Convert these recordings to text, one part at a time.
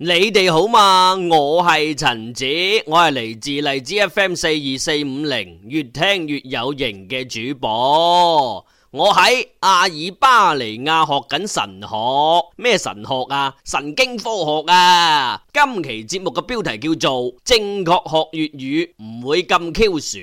你哋好嘛？我係陳子，我係嚟自荔枝 FM 四二四五零，越聽越有型嘅主播。我喺阿爾巴尼亞學緊神學，咩神學啊？神經科學啊！今期節目嘅標題叫做《正確學粵語，唔會咁 Q 薯》。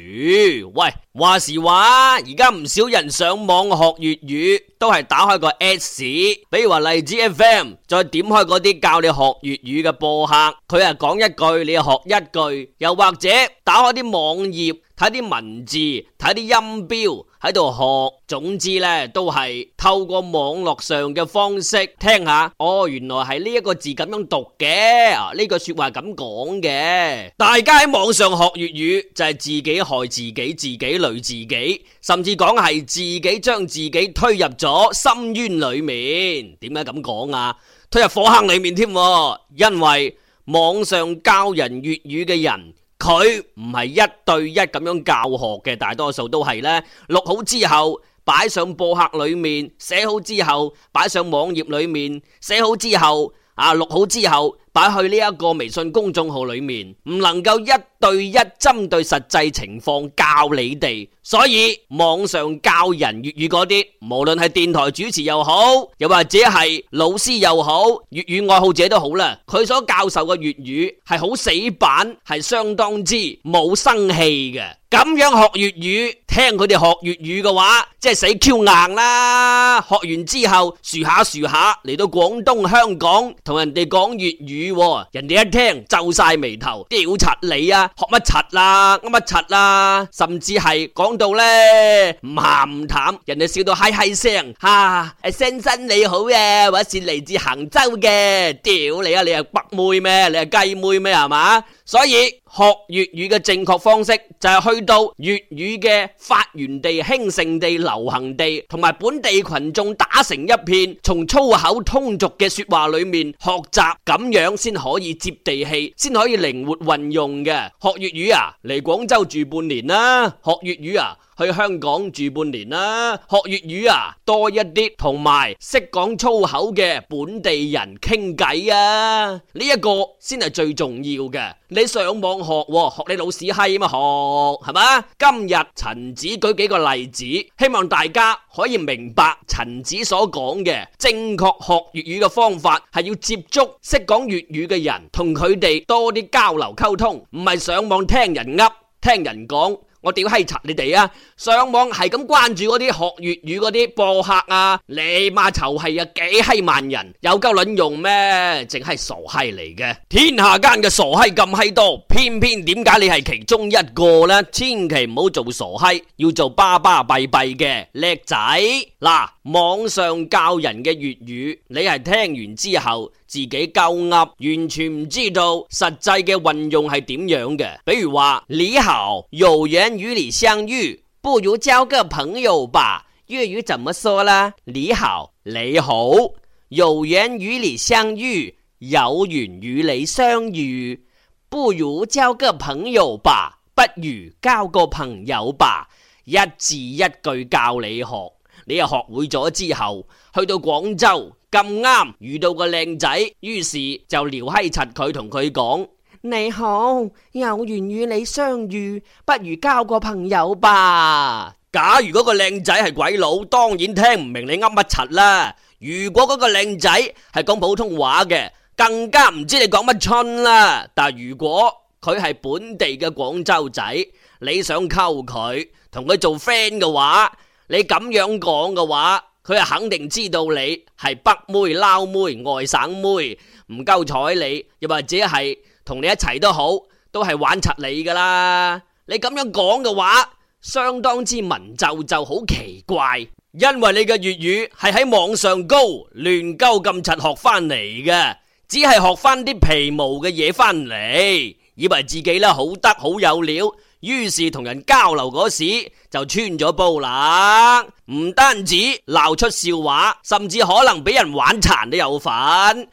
喂，話時話，而家唔少人上網學粵語，都係打開個 S，比如話荔枝 FM，再點開嗰啲教你學粵語嘅播客，佢係講一句，你學一句，又或者打開啲網頁。睇啲文字，睇啲音標喺度學，總之咧都係透過網絡上嘅方式聽下。哦，原來係呢一個字咁樣讀嘅，呢句說話咁講嘅。大家喺網上學粵語就係自己害自己，自己累自己，甚至講係自己將自己推入咗深淵裏面。點解咁講啊？推入火坑裏面添，因為網上教人粵語嘅人。佢唔係一對一咁樣教學嘅，大多數都係呢。錄好之後擺上播客裏面，寫好之後擺上網頁裏面，寫好之後，啊，錄好之後。擺去呢一個微信公眾號裏面，唔能夠一對一針對實際情況教你哋，所以網上教人粵語嗰啲，無論係電台主持又好，又或者係老師又好，粵語愛好者都好啦，佢所教授嘅粵語係好死板，係相當之冇生氣嘅。咁樣學粵語，聽佢哋學粵語嘅話，即係死 Q 硬啦。學完之後，薯下薯下嚟到廣東香港同人哋講粵語。人哋一聽皺晒眉頭，屌柒你啊，學乜柒啦，乜乜柒啦，甚至係講到咧唔咸唔淡，人哋笑到嗨嗨聲。吓、啊，先生你好嘅、啊，或者是嚟自杭州嘅。屌你啊，你係北妹咩？你係雞妹咩？係嘛？所以。學粵語嘅正確方式就係去到粵語嘅發源地、興盛地、流行地，同埋本地群眾打成一片，從粗口、通俗嘅說話裏面學習，咁樣先可以接地氣，先可以靈活運用嘅。學粵語啊，嚟廣州住半年啦！學粵語啊！去香港住半年啦，啊，學粵語啊多一啲，同埋識講粗口嘅本地人傾偈啊，呢、這、一個先係最重要嘅。你上網學，哦、學你老屎閪吖嘛學，係嘛？今日陳子舉幾個例子，希望大家可以明白陳子所講嘅正確學粵語嘅方法，係要接觸識講粵語嘅人，同佢哋多啲交流溝通，唔係上網聽人噏，聽人講。我屌閪柒你哋啊！上網係咁關注嗰啲學粵語嗰啲播客啊，你媽就係啊，幾閪萬人有鳩卵用咩？淨係傻閪嚟嘅，天下間嘅傻閪咁閪多，偏偏點解你係其中一個呢？千祈唔好做傻閪，要做巴巴閉閉嘅叻仔。嗱，網上教人嘅粵語，你係聽完之後。自己夠鴨，完全唔知道實際嘅運用係點樣嘅。比如話，你好，有緣與你相遇，不如交個朋友吧。粵語怎麼說呢？你好，你好，有緣與你相遇，有緣與你相遇，不如交個朋友吧，不如交個朋友吧。一字一句教你學。你又學會咗之後，去到廣州咁啱遇到個靚仔，於是就撩閪柒佢，同佢講：你好，有緣與你相遇，不如交個朋友吧。假如嗰個靚仔係鬼佬，當然聽唔明你噏乜柒啦。如果嗰個靚仔係講普通話嘅，更加唔知你講乜春啦。但如果佢係本地嘅廣州仔，你想溝佢，同佢做 friend 嘅話，你咁樣講嘅話，佢係肯定知道你係北妹、撈妹、外省妹，唔夠彩你，又或者係同你一齊都好，都係玩柒你噶啦。你咁樣講嘅話，相當之文縐縐，好奇怪，因為你嘅粵語係喺網上高亂鳩咁柒學翻嚟嘅，只係學翻啲皮毛嘅嘢翻嚟，以為自己啦好得好有料。於是同人交流嗰時就穿咗煲啦，唔單止鬧出笑話，甚至可能俾人玩殘都有份。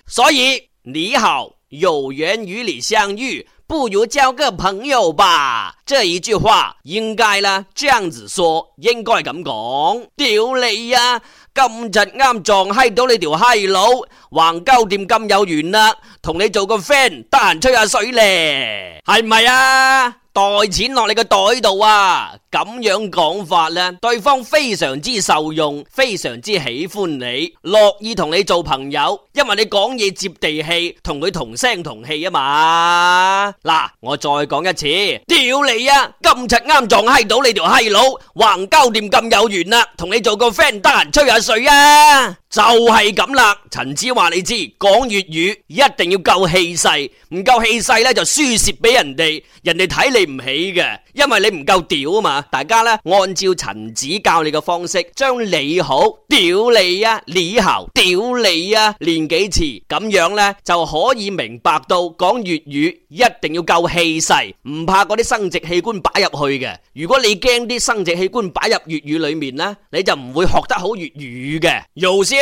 所以你好有緣與你相遇，不如交個朋友吧。這一句話應該啦，這樣子說應該咁講。屌你呀，今日啱撞閪到你條閪佬，橫鳩掂咁有緣啦，啊，同你做個 friend，得閒吹下水咧，係唔係啊？袋錢落你個袋度啊！咁樣講法咧，對方非常之受用，非常之喜歡你，樂意同你做朋友，因為你講嘢接地氣，同佢同聲同氣啊嘛！嗱，我再講一次，屌你啊！今次啱撞閪到你條閪佬，橫交掂咁有緣啊，同你做個 friend，得閒吹下水啊！就係咁啦，陳子話你知，講粵語一定要夠氣勢，唔夠氣勢咧就輸蝕俾人哋，人哋睇你唔起嘅，因為你唔夠屌啊嘛。大家咧按照陳子教你嘅方式，將你好屌你啊，你好屌你啊，練幾次咁樣咧就可以明白到講粵語一定要夠氣勢，唔怕嗰啲生殖器官擺入去嘅。如果你驚啲生殖器官擺入粵語裏面咧，你就唔會學得好粵語嘅。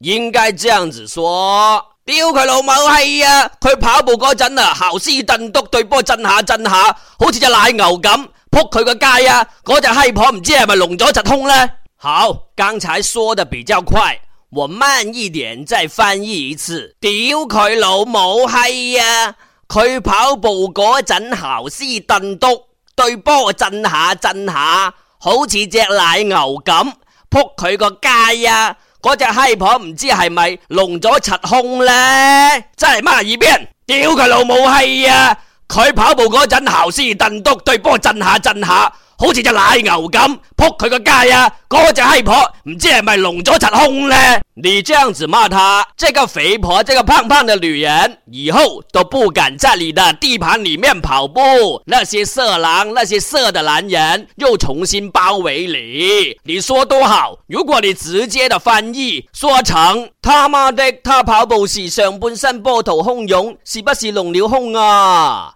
應該這樣子說，屌佢老母閪啊！佢跑步嗰陣啊，姣屍扽篤對波震下震下，好似隻奶牛咁撲佢個街啊！嗰隻閪婆唔知係咪聾咗疾通呢？好，剛才說的比較快，我慢一點再翻譯一次。屌佢老母閪啊！佢跑步嗰陣姣屍扽篤對波震下震下，好似隻奶牛咁撲佢個街啊！嗰隻閪婆唔知係咪聾咗柒空呢？真係孖耳邊，屌佢老母閪啊！佢跑步嗰陣，後視盾篤對波震下震下。好似隻奶牛咁撲佢個街啊！嗰隻閪婆唔知係咪隆咗賊胸呢？你這樣子罵他，這個肥婆，這個胖胖的女人，以後都不敢在你的地盤裏面跑步。那些色狼，那些色的男人又重新包圍你。你說多好？如果你直接的翻譯說成他媽的，他跑步時上半身波濤洶湧，是不是隆了胸啊？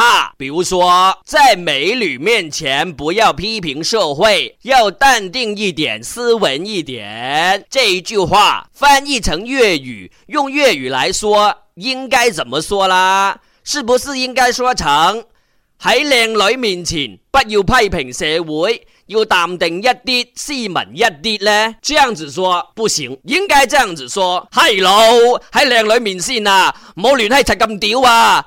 啊，比如說，在美女面前不要批評社會，要淡定一點，斯文一點。這一句話翻譯成粵語，用粵語來說應該怎麼說啦？是不是應該說成“喺靚女面前不要批評社會，要淡定一啲，斯文一啲呢？”這樣子說不行，應該這樣子說：“ hello 喺靚女面前啊，唔好亂係咁屌啊！”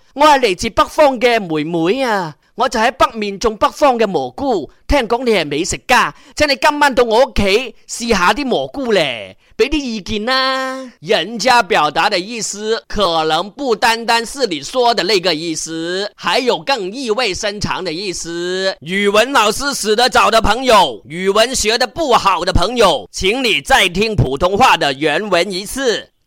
我係嚟自北方嘅妹妹啊！我就喺北面種北方嘅蘑菇。聽講你係美食家，請你今晚到我屋企試下啲蘑菇咧，俾啲意見啦、啊。人家表達的意思可能不單單是你說的那個意思，還有更意味深長的意思。語文老師死得早的朋友，語文學得不好的朋友，請你再聽普通話的原文一次。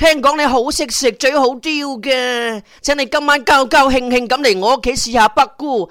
聽講你好識食最好刁嘅，請你今晚高高興興咁嚟我屋企試下北菇。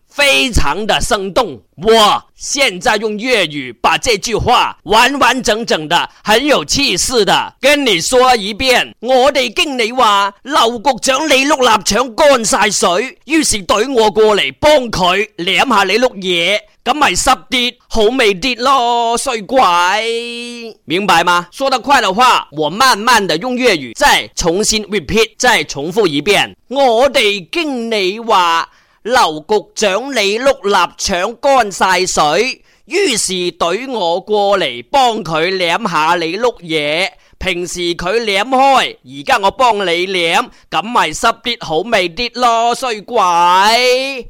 非常的生動，我現在用粵語把這句話完完整整的、很有氣勢的跟你說一遍。我哋經理話，劉局長你碌臘腸乾晒水，於是懟我過嚟幫佢舔下你碌嘢，咁咪濕啲好味啲咯，衰鬼明白嗎？說得快的話，我慢慢的用粵語再重新 repeat，再重複一遍。我哋經理話。劉局長，你碌臘腸乾晒水，於是對我過嚟幫佢舐下你碌嘢。平時佢舐開，而家我幫你舐，咁咪濕啲好味啲咯，衰鬼！